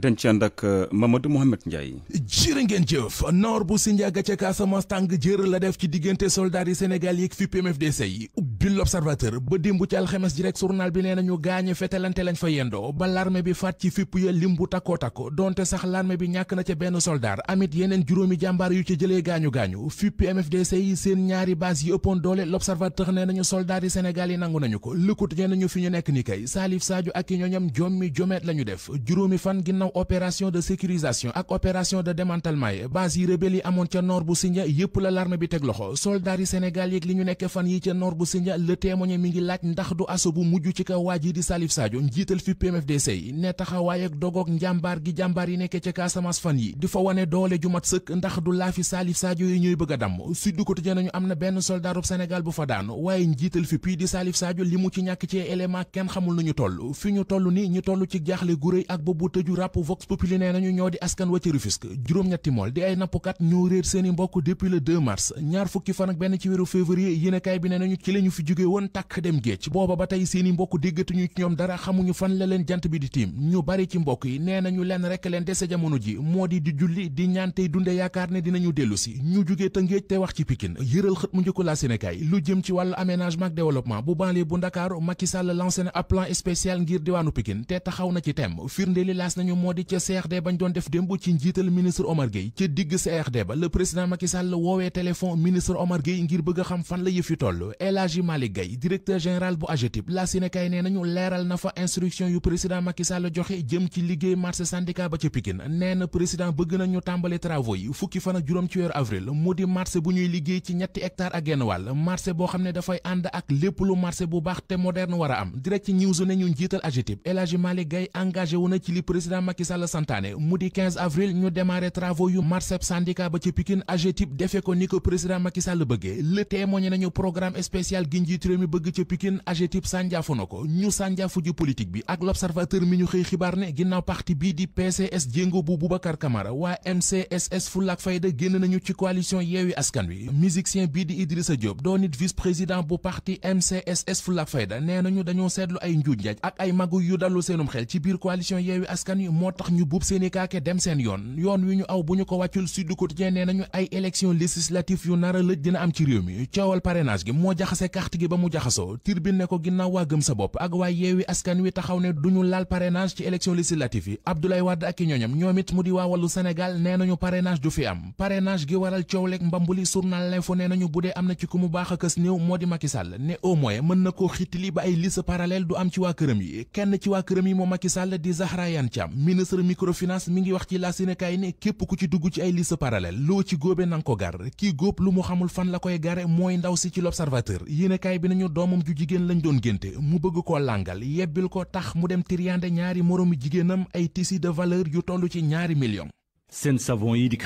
dañ ci ànd ak euh, Mamadou Mouhamed Ndiaye. jërë ngeen jëf noor bu si njàgga ca Casamance tàng jër la def ci diggante soldats yi Sénégal yi ak FPMFDC yi. ubbi l'observateur ba démb ci alxames ji rek journal bi nee nañu gaañe fetelante lañ fa yendoo ba l'armée bi faat ci fipp ya lim bu takkoo takko donte sax l'armée bi ñàkk na ca benn soldaar amit yeneen juróomi jàmbaar yu ci jëlee gaañu-gaañu fippi MFDC yi seen ñaari base yi ëppoon doole l'observateur nee nañu soldaar yi Sénégal yi nangu nañu ko lëkkut nee nañu fi ñu nekk ni kay Salif Sadio ak i ñooñam jommi jomeet la ñu def juróomi fan ginnaaw opération de sécurisation ak opération de démantèlement yi base yi rebelle yi amoon ca nord bu la l'armée bi teg loxo soldaar le témoin mi ngi laaj ndax du aso bu mujj ci kaw waa ji di Salif Sadio njiital fi PMFDC yi ne taxawaay ak dogoog njàmbaar gi jàmbaar yi nekkee ca Casamance fan yi di fa wane doole ju mat sëkk ndax du laafi Salif Sadio yi ñuy bëgg a damm Sud Quotidien nañu am na benn soldaarub Sénégal bu fa daanu waaye njiital fi pii di Salif Sadio li mu ci ñàkk ci élément kenn xamul nu ñu toll fi ñu toll ni ñu toll ci jaaxle gu ak boobu tëju ràpp Vox Populi nee nañu ñoo di wa ci Rufisque juróom-ñetti mool ay nappkat ñoo réer seeni mbokk depuis le 2 mars fi jóge woon tàkk dem géej booba ba tey seeni mbokk déggatuñu ci ñoom dara xamuñu fan la leen jant bi di tiim ñu bari ci mbokk yi nee nañu leen rek leen dese jamono ji moo di di julli di ñaan tey dunde yaakaar ne dinañu dellu si ñu jóge Tëngéej te wax ci Pikine yëral xët mu njëkk la Sénégal lu jëm ci wàllu aménagement ak bu banlieue bu Ndakaaru Macky Sall lancé na ab plan spécial ngir diwaanu Pikine te taxaw na ci tem firnde li laas nañu moo di ca doon def démb ci njiital ministre Omar Gueye ca digg CRD ba le président Macky Sall woowee téléphone ministre Omar ngir bëgg a xam fan la yëf yu toll Malick Gaye directeur général bu AGETIP la nee nañu leeral na fa instruction yu président Macky joxe jëm ci liggéey marché syndicat ca Pikine nee na président bëgg nañu tàmbali travaux yi fukki fan juróom ci weeru avril mu di marché bu ñuy liggéey ci ñetti hectare ak genn boo xam ne dafay ànd ak lépp lu marché bu baax te moderne war a am direct ci news ne ñu njiital AGETIP El Hadji Malick Gaye ci li président Macky santaane mu di 15 njiit réew mi bëgg ca Pikine agétib sànjaafu na ko ñu sànjaafu ji politique bi ak l'observateur mi ñu xëy xibaar ne ginnaaw parti bii di PCS jéngo bu Boubacar Camara waa MCSS Fulla ak Fayda génn nañu ci coalition Yewwi Askan Wi musicien bii di Idrissa Diop doon it vice président bu parti MCSS Fulla ak Fayda nee nañu dañoo seetlu ay njuuj njaaj ak ay magu yu dallu seenum xel ci biir coalition Yewwi Askan Wi moo tax ñu buub seeni kaake dem seen yoon yoon a carte gi ba mu jaxasoo Tribune ko ginnaaw waa gëm sa bopp ak waa yeewi askan wi taxaw ne duñu laal parrainage ci élection législative yi Abdoulaye Wade ak i ñooñam ñoom it mu di waa wàllu Sénégal nañu parrainage du fi am parrainage gi waral coow leeg mbambuli journal l'info nee nañu bu dee am na ci ku mu baax a kës néew moo di Macky Sall ne au moins mën na koo xiitali ba ay liste parallèle du am ci waa këram yi kenn ci waa këram yi moo Macky Sall di Zahra Iyane yéenekaay bi nañu doomam ju jigéen lañ doon génte mu bëgg koo làngal yebbil ko tax mu dem triyande ñaari moroomi jigéenam ay tissus de valeur yu toll ci ñaari millions seen savon yi di